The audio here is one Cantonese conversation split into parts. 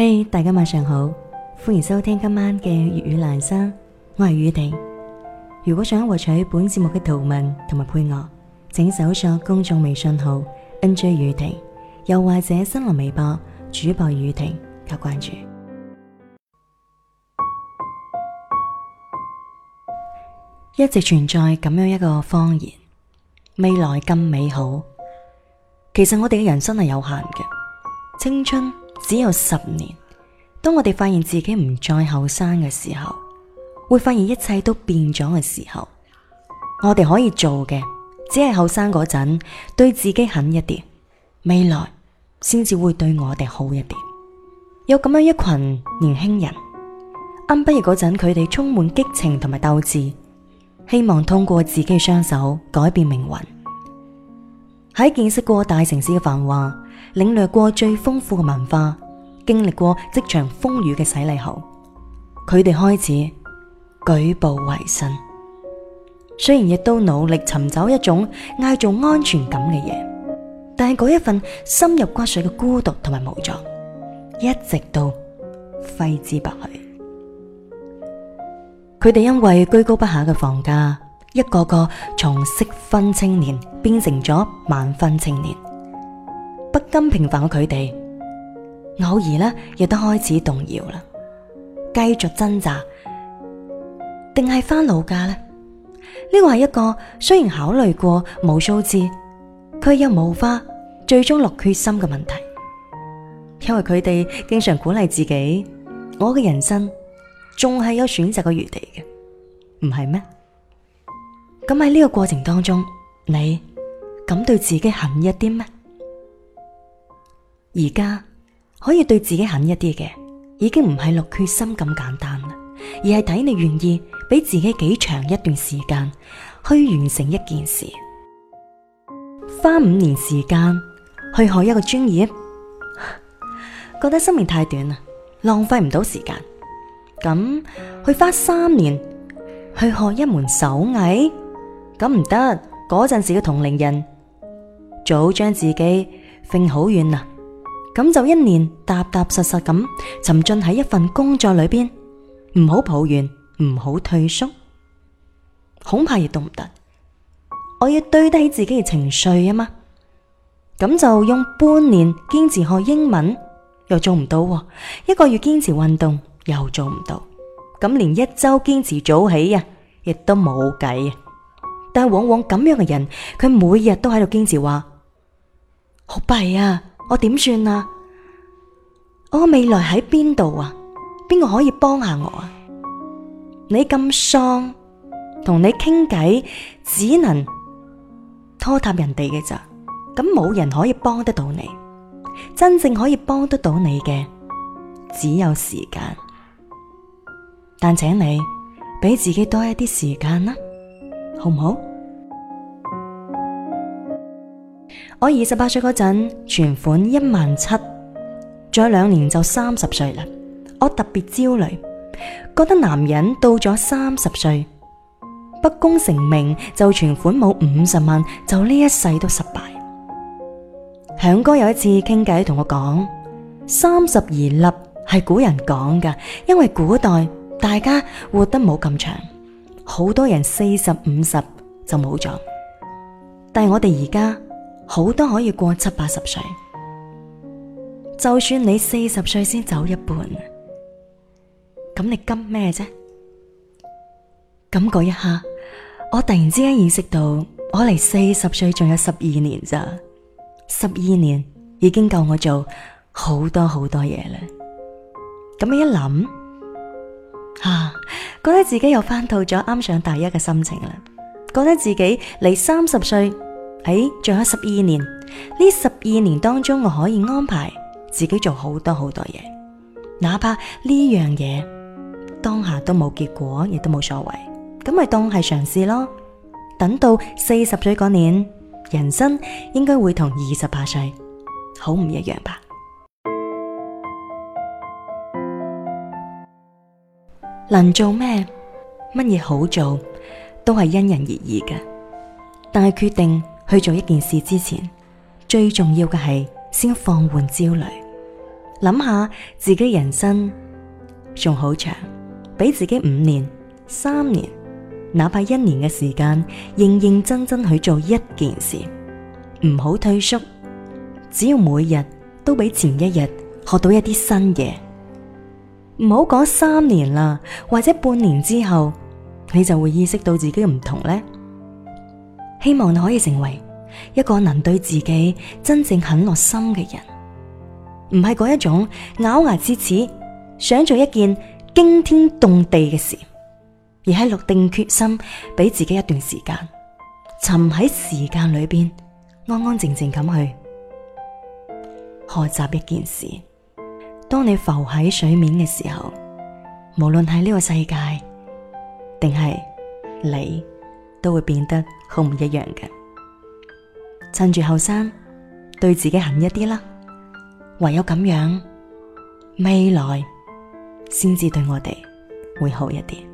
嘿、hey，大家晚上好，歡迎收聽今晚嘅粵語蘭生，我係宇婷。如果想獲取本節目嘅圖文同埋配樂，請搜索公眾微信號 nj 宇婷，又或者新浪微博主播宇婷加關注。 一直存在咁樣一個謊言，未來更美好。其實我哋嘅人生係有限嘅，青春只有十年，當我哋發現自己唔再後生嘅時候，會發現一切都變咗嘅時候，我哋可以做嘅，只係後生嗰陣對自己狠一啲，未來先至會對我哋好一啲。有咁樣一群年輕人，啱畢業嗰陣，佢哋充滿激情同埋鬥志，希望通過自己嘅雙手改變命運。喺見識過大城市嘅繁華，領略過最豐富嘅文化，經歷過職場風雨嘅洗禮後，佢哋開始舉步維艱。雖然亦都努力尋找一種叫做安全感嘅嘢，但係嗰一份深入骨髓嘅孤獨同埋無助，一直都揮之不去。佢哋因為居高不下嘅房價，一個個從適婚青年變成咗晚婚青年，不甘平凡嘅佢哋，偶爾呢亦都開始動搖啦。繼續掙扎，定係返老家呢？呢、這個係一個雖然考慮過無數次，佢又無法最終落決心嘅問題。因為佢哋經常鼓勵自己：，我嘅人生仲係有選擇嘅餘地嘅，唔係咩？咁喺呢個過程當中，你敢對自己狠一啲咩？而家可以對自己狠一啲嘅，已經唔係落決心咁簡單啦，而係睇你願意俾自己幾長一段時間去完成一件事。花五年時間去學一個專業，覺得生命太短啦，浪費唔到時間。咁去花三年去學一門手藝。咁唔得，嗰陣時嘅同齡人早將自己揈好遠啦。咁、啊、就一年踏踏實實咁沉浸喺一份工作裏邊，唔好抱怨，唔好退縮，恐怕亦都唔得。我要對得起自己嘅情緒啊嘛。咁就用半年堅持學英文又做唔到，啊，一個月堅持運動又做唔到，咁連一周堅持早起啊，亦都冇計啊。但往往咁樣嘅人，佢每日都喺度堅持話：好弊啊！我點算啊？我未來喺邊度啊？邊個可以幫下我啊？你咁喪，同你傾偈只能拖沓人哋嘅咋？咁冇人可以幫得到你。真正可以幫得到你嘅，只有時間。但請你俾自己多一啲時間啦，好唔好？我二十八歲嗰陣，存款一萬七，再兩年就三十歲啦。我特別焦慮，覺得男人到咗三十歲，不功成名就，存款冇五十萬，就呢一世都失敗。響哥有一次傾偈同我講，三十而立係古人講噶，因為古代大家活得冇咁長，好多人四十五十就冇咗，但係我哋而家。好多可以過七八十歲，就算你四十歲先走一半，咁你急咩啫？咁嗰一刻，我突然之間意識到，我離四十歲仲有十二年咋，十二年已經夠我做好多好多嘢啦。咁樣一諗，啊，覺得自己又翻到咗啱上大一嘅心情啦，覺得自己離三十歲，喺仲有十二年，呢十二年當中我可以安排自己做好多好多嘢。哪怕呢樣嘢當下都冇結果，亦都冇所謂，咁咪當係嘗試咯。等到四十歲嗰年，人生應該會同二十八歲好唔一樣吧？能做咩？乜嘢好做都係因人而異嘅，但係決定。去做一件事之前，最重要嘅係先放緩焦慮，諗下自己人生仲好長，俾自己五年、三年，哪怕一年嘅時間，認認真真去做一件事，唔好退縮。只要每日都比前一日學到一啲新嘢，唔好講三年啦，或者半年之後，你就會意識到自己唔同咧。希望你可以成為一個能對自己真正狠落心嘅人，唔係嗰一種咬牙切齒想做一件驚天動地嘅事，而係落定決心，俾自己一段時間，沉喺時間裏邊，安安靜靜咁去學習一件事。當你浮喺水面嘅時候，無論係呢個世界定係你，都會變得好唔一樣嘅，趁住後生，對自己狠一啲啦，唯有咁樣，未來先至對我哋會好一啲。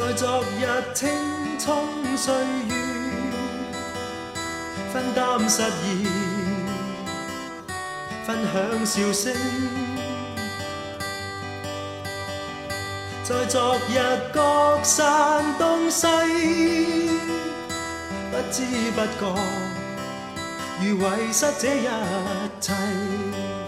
在昨日青蔥歲月，分擔失意，分享笑聲。在昨日各散東西，不知不覺，如遺失這一切。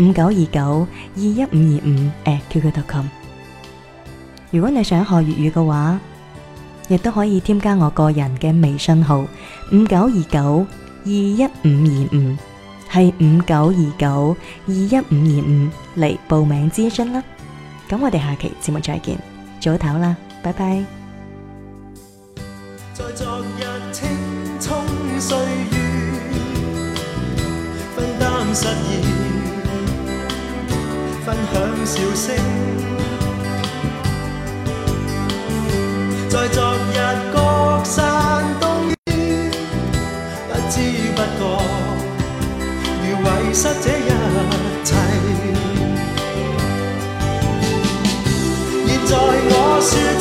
五九二九二一五二五，誒 q q c 如果你想學粵語嘅話，亦都可以添加我個人嘅微信號五九二九二一五二五，係五九二九二一五二五嚟報名諮詢啦。咁我哋下期節目再見，早唞啦，拜拜。分享笑聲，在昨日各散東西，不知不覺，已遺失這一切。現在我說。